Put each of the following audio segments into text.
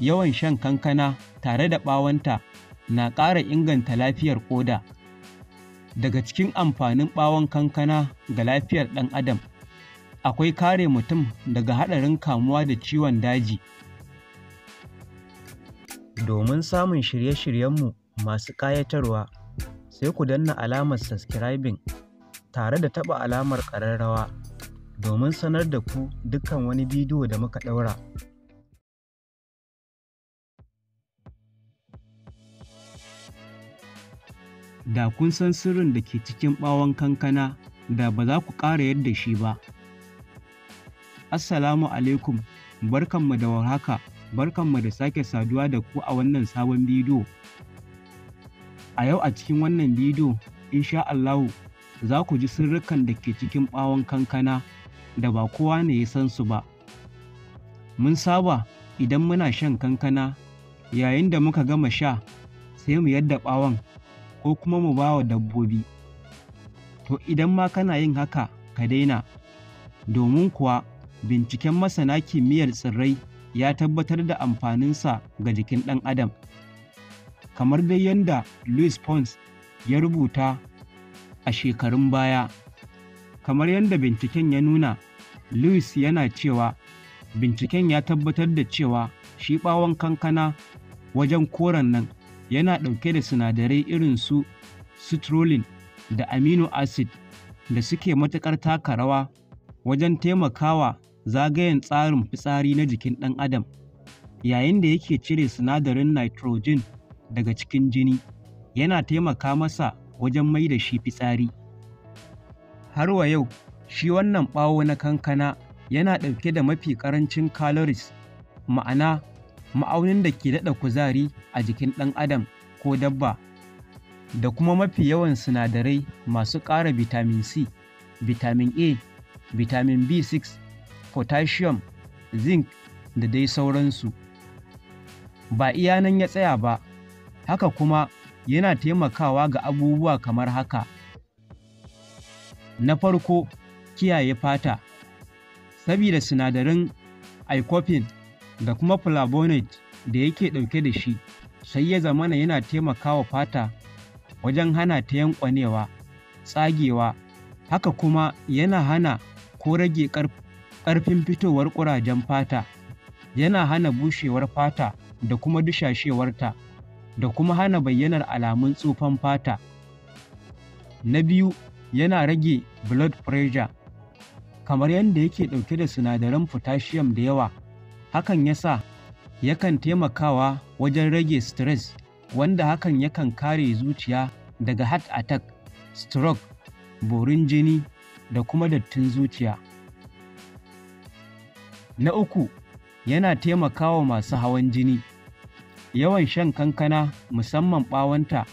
yawan shan kankana tare da ɓawonta na ƙara inganta lafiyar ƙoda. Daga cikin amfanin ɓawon kankana ga lafiyar ɗan adam, akwai kare mutum daga haɗarin kamuwa da ciwon daji. Domin samun shirye-shiryenmu masu ƙayatarwa, sai ku danna alamar subscribing tare da taɓa alamar ƙararrawa domin sanar da ku dukkan wani bidiyo da muka ɗaura. da kun san sirrin da ke cikin ɓawon kankana da ba za ku ƙara yadda shi ba. Assalamu alaikum, barkanmu da warhaka, barkanmu da sake saduwa da ku a wannan sabon bidiyo. A yau a cikin wannan bidiyo, insha Allahu, za ku ji sirrikan da ke cikin ɓawon kankana da ba kowa ne ya san su ba. Mun saba idan muna shan kankana, yayin da muka gama sha, sai mu yadda ɓawon ko kuma mu ba wa dabbobi to idan ma kana yin haka ka daina domin kuwa binciken masana kimiyyar tsirrai ya tabbatar da amfaninsa ga jikin ɗan adam kamar dai yadda louis pons ya rubuta a shekarun baya kamar yadda binciken ya nuna louis yana cewa binciken ya tabbatar da cewa shi ɓawon kankana wajen koren nan yana ɗauke da sinadarai irin su citrulline da amino acid da suke matuƙar taka rawa wajen taimakawa zagayen tsarin fitsari na jikin ɗan adam yayin da yake cire sinadarin nitrogen daga cikin jini yana taimaka masa wajen mai da shi fitsari har wa yau shi wannan ɓawo na kankana yana ɗauke da mafi ƙarancin calories ma'ana ma'aunin da ke daɗa kuzari a jikin ɗan adam ko dabba da kuma mafi yawan sinadarai masu ƙara bitamin C, bitamin A, bitamin B6, potassium, zinc da dai sauransu. Ba iya nan ya tsaya ba, haka kuma yana taimakawa ga abubuwa kamar haka. Na farko, kiyaye fata, sabida sinadarin icopin da kuma flavonoid da yake ɗauke da shi sai ya zamana yana taimakawa fata wajen hana ta yankwanewa tsagewa haka kuma yana hana ko rage ƙarfin fitowar ƙurajen fata yana hana bushewar fata da kuma dushashewarta da kuma hana bayyanar alamun tsufan fata na biyu yana rage blood pressure kamar yadda yake ɗauke da sinadaran potassium da yawa hakan ya sa yakan taimakawa wajen rage stress wanda hakan yakan kare zuciya daga heart attack stroke borin jini da kuma dattin zuciya na uku yana taimakawa masu hawan jini yawan shan kankana musamman ɓawanta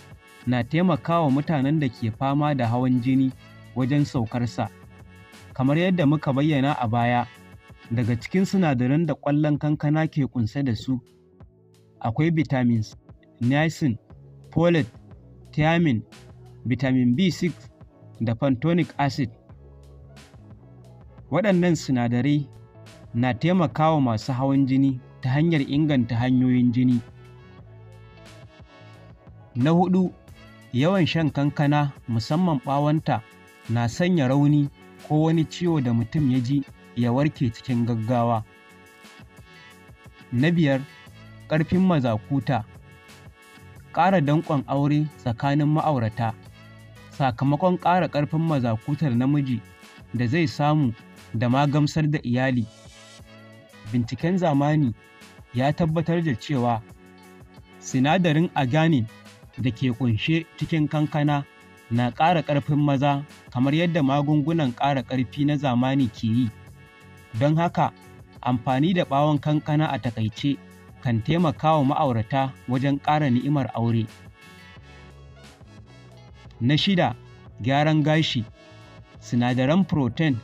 na taimakawa mutanen da ke fama da hawan jini wajen saukarsa kamar yadda muka bayyana a baya Daga cikin sinadaran da ƙwallon kankana ke ƙunsa da su akwai vitamins, niacin, folate, thiamine, vitamin B6 da pantonic acid. Waɗannan sinadarai na taimakawa masu hawan jini ta hanyar inganta hanyoyin jini. Na huɗu, yawan shan kankana musamman ɓawonta na sanya rauni ko wani ciwo da mutum ya ji ya warke cikin gaggawa. Na biyar, ƙarfin mazakuta ƙara danƙon aure tsakanin ma'aurata sakamakon ƙara ƙarfin mazakutar namiji da zai samu da ma gamsar da iyali. Binciken zamani ya tabbatar da cewa sinadarin aganin da ke ƙunshe cikin kankana na ƙara ƙarfin maza kamar yadda magungunan ƙara ƙarfi na zamani ke yi. Don haka, amfani da ɓawon kankana a takaice kan taimakawa ma'aurata wajen ƙara ni'imar aure. Na shida, gyaran gashi. Sinadaran protein,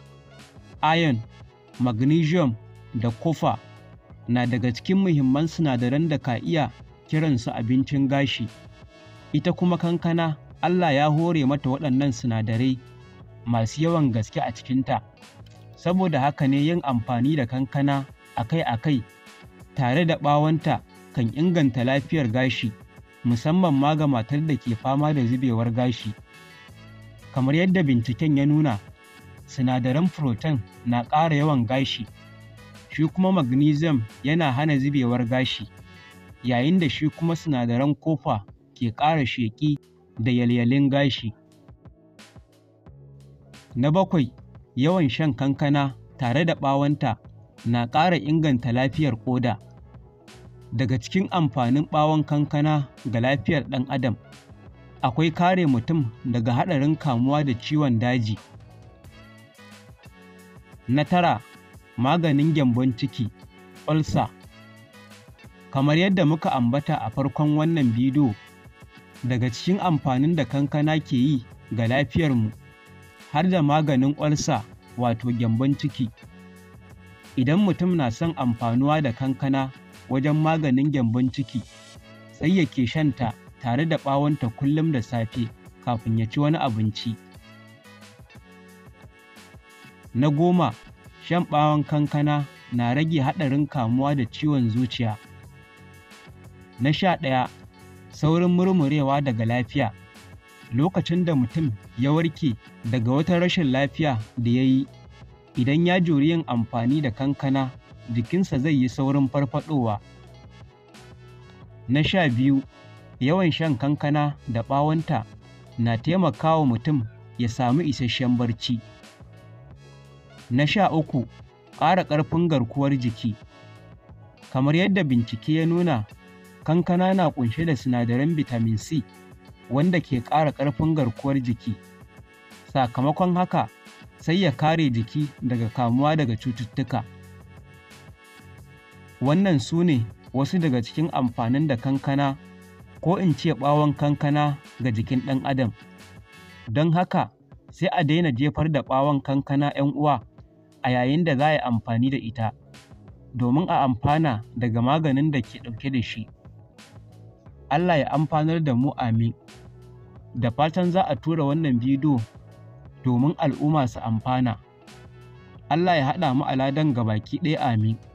iron, magnesium da kofa na daga cikin muhimman sinadaran da ka iya kiransu abincin gashi. Ita kuma kankana Allah ya hore mata waɗannan sinadarai masu yawan gaske a cikinta. Saboda haka ne yin amfani da kankana akai-akai tare da ɓawonta kan inganta lafiyar gashi musamman ma ga matar da ke fama da zubewar gashi. Kamar yadda binciken ya nuna, sinadaran furotan na ƙara yawan gashi, shi kuma magnesium yana hana zubewar gashi, yayin da shi kuma sinadaran kofa ke ƙara sheƙi da yalyalin gashi. Na bakwai, yawan shan kankana tare da ɓawonta na ƙara inganta lafiyar ƙoda. Daga cikin amfanin ɓawon kankana ga lafiyar ɗan adam, akwai kare mutum daga haɗarin kamuwa da ciwon daji. Na tara, maganin gyambon ciki, ulcer. Kamar yadda muka ambata a farkon wannan bidiyo, daga cikin amfanin da kankana ke yi ga lafiyarmu har da maganin olsa wato gyambon ciki. Idan mutum na son amfanuwa da kankana wajen maganin gyambon ciki, sai ya yake shanta tare da ɓawonta kullum da safe kafin ya ci wani abinci. Na goma, shan ɓawon kankana na rage haɗarin kamuwa da ciwon zuciya. Na sha ɗaya, saurin murmurewa daga lafiya. lokacin da mutum ya warke daga wata rashin lafiya da ya yi, idan ya juri yin amfani da kankana, jikinsa zai yi saurin farfadowa. Na sha biyu, yawan shan kankana da ɓawonta na taimakawa mutum ya samu isasshen barci. Na sha uku, ƙara ƙarfin garkuwar jiki. Kamar yadda bincike ya nuna, kankana na ƙunshe da sinadaran bitamin C wanda ke ƙara ƙarfin garkuwar jiki. Sakamakon haka, sai ya kare jiki daga kamuwa daga cututtuka. Wannan su ne wasu daga cikin amfanin da kankana ko in ce ɓawon kankana ga jikin ɗan adam. Don haka, sai a daina jefar da ɓawon kankana 'yan uwa a yayin da za a yi amfani da ita, domin a amfana daga maganin da ke ɗauke da shi. Allah ya amfanar da mu amin. da fatan za a tura wannan bidiyo domin al'umma su amfana. Allah ya haɗa mu al'adan ga baki ɗaya amin.